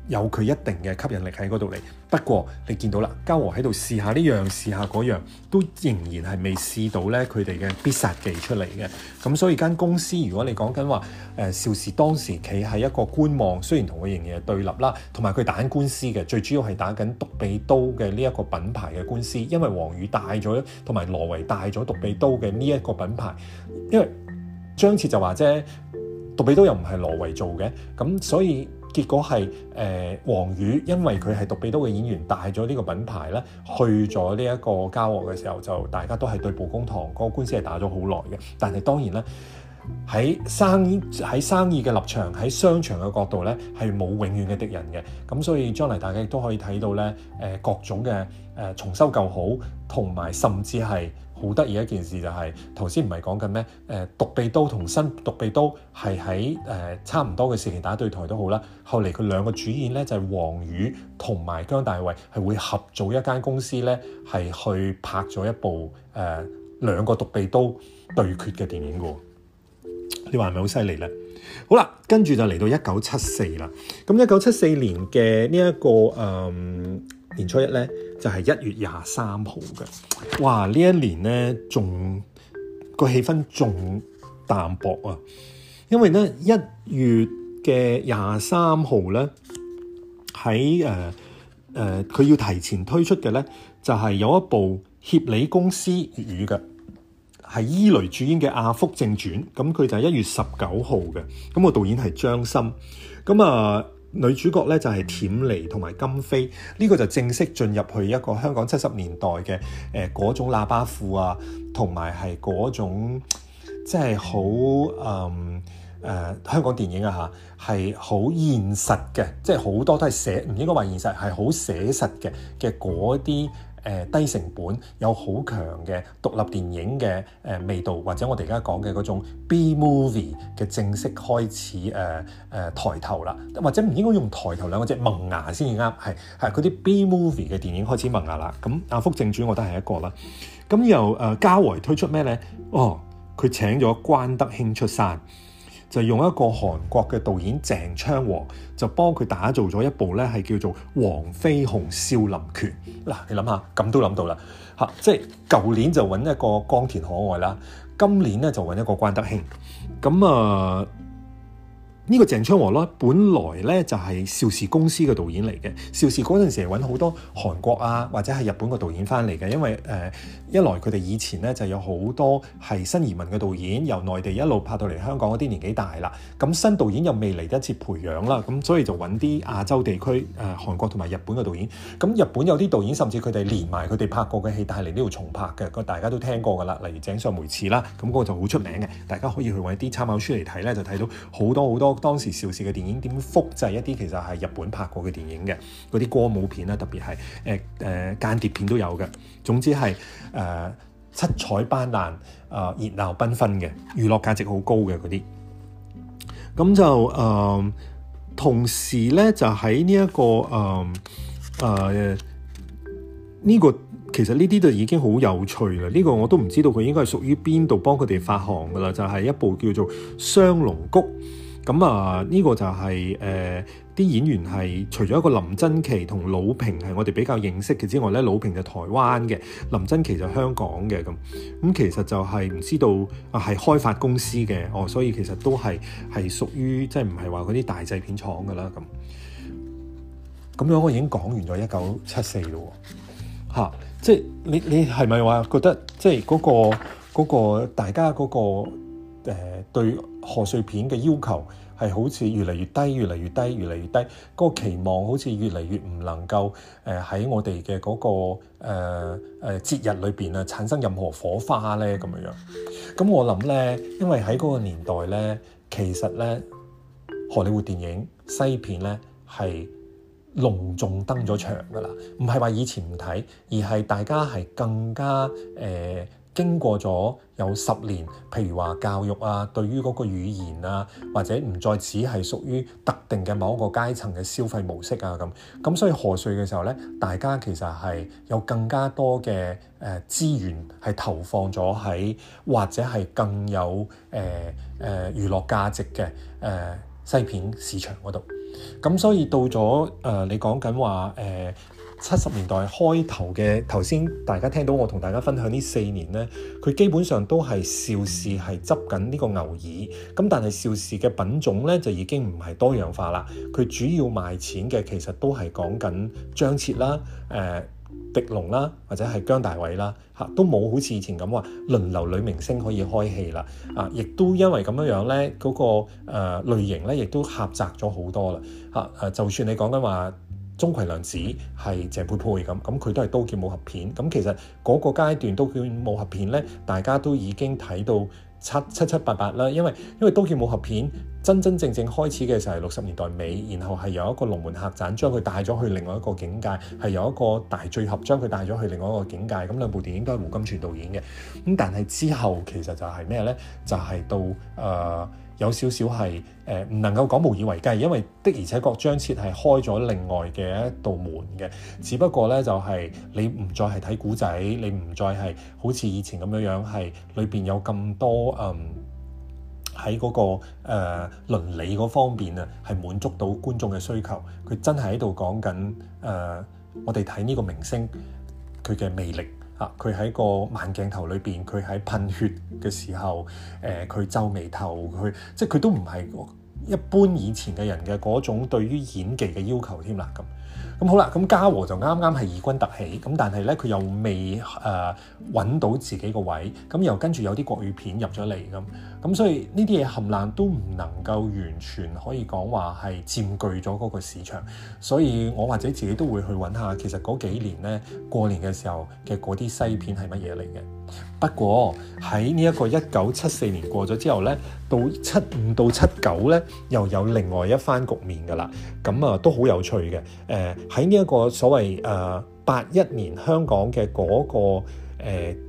有佢一定嘅吸引力喺嗰度嚟，不過你見到啦，嘉禾喺度試下呢樣試下嗰樣，都仍然係未試到咧佢哋嘅必殺技出嚟嘅。咁所以間公司，如果你講緊話誒、呃，邵氏當時企喺一個觀望，雖然同佢仍然係對立啦，同埋佢打緊官司嘅，最主要係打緊獨臂刀嘅呢一個品牌嘅官司，因為王羽帶咗，同埋羅維帶咗獨臂刀嘅呢一個品牌，因為張徹就話啫。杜臂刀又唔係羅維做嘅。咁所以結果係誒，王羽因為佢係杜臂刀嘅演員，帶咗呢個品牌咧，去咗呢一個交惡嘅時候，就大家都係對簿公堂嗰、那個官司係打咗好耐嘅。但係當然咧，喺生喺生意嘅立場，喺商場嘅角度咧，係冇永遠嘅敵人嘅。咁所以將嚟大家亦都可以睇到咧，誒、呃、各種嘅誒、呃、重修舊好，同埋甚至係。好得意一件事就係、是，頭先唔係講緊咩？誒、呃，獨臂刀同新獨臂刀係喺誒差唔多嘅時期打對台都好啦。後嚟佢兩個主演咧就係、是、王羽同埋姜大衛，係會合組一間公司咧，係去拍咗一部誒、呃、兩個獨臂刀對決嘅電影嘅喎。你話係咪好犀利咧？好啦，跟住就嚟到一九七四啦。咁一九七四年嘅呢一個誒。嗯年初一咧就係、是、一月廿三號嘅，哇！呢一年咧仲個氣氛仲淡薄啊，因為咧一月嘅廿三號咧喺、誒誒，佢、呃呃、要提前推出嘅咧就係、是、有一部協理公司粵語嘅，係伊雷主演嘅《阿福正傳》，咁佢就係一月十九號嘅，咁個導演係張森，咁啊。女主角咧就係恬妮同埋金飛，呢、這個就正式進入去一個香港七十年代嘅誒嗰種喇叭褲啊，同埋係嗰種即係好誒誒香港電影啊嚇，係好現實嘅，即係好多都係寫，唔應該話現實係好寫實嘅嘅嗰啲。誒、呃、低成本有好強嘅獨立電影嘅誒、呃、味道，或者我哋而家講嘅嗰種 B movie 嘅正式開始誒誒、呃呃、抬頭啦，或者唔應該用抬頭兩個字，萌芽先至啱，係係嗰啲 B movie 嘅電影開始萌芽啦。咁阿福正傳我都係一個啦。咁由誒嘉禾推出咩咧？哦，佢請咗關德興出山。就用一個韓國嘅導演鄭昌和，就幫佢打造咗一部咧，係叫做《黃飛鴻少林拳》啊。嗱，你諗下，咁都諗到啦嚇、啊，即係舊年就揾一個江田可愛啦，今年咧就揾一個關德興，咁啊。呃呢、這個鄭昌和咯，本來咧就係邵氏公司嘅導演嚟嘅。邵氏嗰陣時揾好多韓國啊，或者係日本嘅導演翻嚟嘅，因為誒、呃、一來佢哋以前咧就有好多係新移民嘅導演，由內地一路拍到嚟香港嗰啲年紀大啦。咁新導演又未嚟得切培養啦，咁所以就揾啲亞洲地區誒韓國同埋日本嘅導演。咁日本有啲導演甚至佢哋連埋佢哋拍過嘅戲帶嚟呢度重拍嘅，個大家都聽過㗎啦。例如井上梅次啦，咁嗰、那個就好出名嘅，大家可以去揾啲參考書嚟睇咧，就睇到好多好多。當時邵氏嘅電影點複製一啲？其實係日本拍過嘅電影嘅嗰啲歌舞片啦，特別係誒誒間諜片都有嘅。總之係誒、呃、七彩斑斕啊，熱鬧繽紛嘅娛樂價值好高嘅嗰啲。咁就誒、呃，同時咧就喺呢一個誒誒呢個其實呢啲就已經好有趣啦。呢、呢個我都唔知道佢應該係屬於邊度幫佢哋發行噶啦，就係、係、一部叫做《雙龍谷》。咁啊，呢、這個就係誒啲演員，係除咗一個林珍奇同魯平係我哋比較認識嘅之外咧，魯平就台灣嘅，林珍奇就香港嘅咁。咁其實就係唔知道啊，係開發公司嘅哦，所以其實都係係屬於即係唔係話嗰啲大製片廠㗎喇咁。咁樣我已經講完咗一九七四喇喎，吓，即係你你係咪話覺得即係、那、嗰、個那個大家嗰、那個誒、呃、對？賀歲片嘅要求係好似越嚟越低，越嚟越低，越嚟越低。嗰、嗰個期望好似越嚟越唔能夠誒喺、呃、我哋嘅嗰個誒誒、呃、節日裏邊啊產生任何火花咧咁樣樣。咁我諗咧，因為喺嗰個年代咧，其實咧荷里活電影西片咧係隆重登咗場㗎啦，唔係話以前唔睇，而係大家係更加誒。呃經過咗有十年，譬如話教育啊，對於嗰個語言啊，或者唔再只係屬於特定嘅某一個階層嘅消費模式啊咁，咁所以賀歲嘅時候咧，大家其實係有更加多嘅誒資源係投放咗喺或者係更有誒誒娛樂價值嘅、呃、西片市場嗰度。咁所以到咗、呃、你講緊話七十年代開頭嘅頭先，才大家聽到我同大家分享呢四年呢，佢基本上都係邵氏係執緊呢個牛耳，咁但係邵氏嘅品種呢，就已經唔係多樣化啦。佢主要賣錢嘅其實都係講緊張徹啦、誒、呃、狄龍啦或者係姜大偉啦嚇，都冇好似以前咁話輪流女明星可以開戲啦。啊，亦都因為咁樣樣呢，嗰、那個誒、呃、類型呢，亦都狹窄咗好多啦嚇、啊、就算你講緊話，鍾馗娘子係鄭佩佩咁，咁佢都係刀劍武俠片。咁其實嗰個階段刀劍武俠片呢，大家都已經睇到七七七八八啦。因為因為刀劍武俠片真真正正開始嘅就係六十年代尾，然後係由一個龍門客棧將佢帶咗去另外一個境界，係由一個大醉俠將佢帶咗去另外一個境界。咁兩部電影都係胡金銓導演嘅。咁但係之後其實就係咩呢？就係、是、到啊。呃有少少係誒，唔、呃、能夠講無以為繼，因為的而且確張徹係開咗另外嘅一道門嘅。只不過咧，就係、是、你唔再係睇古仔，你唔再係好似以前咁樣樣，係裏邊有咁多嗯喺嗰、那個誒、呃、倫理嗰方面啊，係滿足到觀眾嘅需求。佢真係喺度講緊誒，我哋睇呢個明星佢嘅魅力。啊！佢喺個慢鏡頭裏邊，佢喺噴血嘅時候，誒、呃，佢皺眉頭，佢即係佢都唔係一般以前嘅人嘅嗰種對於演技嘅要求添啦，咁咁好啦，咁嘉禾就啱啱係異軍突起，咁但係咧佢又未誒揾、呃、到自己個位，咁又跟住有啲國語片入咗嚟咁，咁所以呢啲嘢冚唪唥都唔能夠完全可以講話係佔據咗嗰個市場，所以我或者自己都會去揾下，其實嗰幾年咧過年嘅時候嘅嗰啲西片係乜嘢嚟嘅。不過喺呢一個一九七四年過咗之後咧，到七五到七九咧，又有另外一番局面噶啦。咁啊都好有趣嘅。誒喺呢一個所謂誒八一年香港嘅嗰個。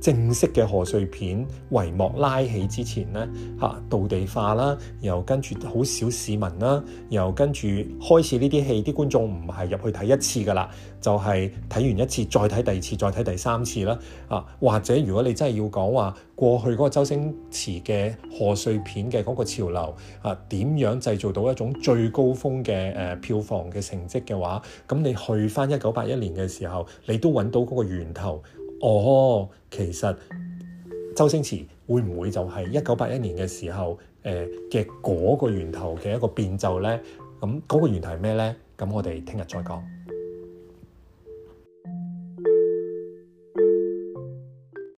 正式嘅賀歲片帷幕拉起之前呢嚇，道地化啦，然後跟住好少市民啦，又跟住開始呢啲戲，啲觀眾唔係入去睇一次噶啦，就係、是、睇完一次再睇第二次，再睇第三次啦啊，或者如果你真係要講話過去嗰個周星馳嘅賀歲片嘅嗰個潮流啊，點樣製造到一種最高峰嘅誒、呃、票房嘅成績嘅話，咁你去翻一九八一年嘅時候，你都揾到嗰個源頭。哦，其實周星馳會唔會就係一九八一年的時候、呃、的嗰個源頭的一個變奏咧咁，嗰個源頭係咩咧？咁我哋聽日再講。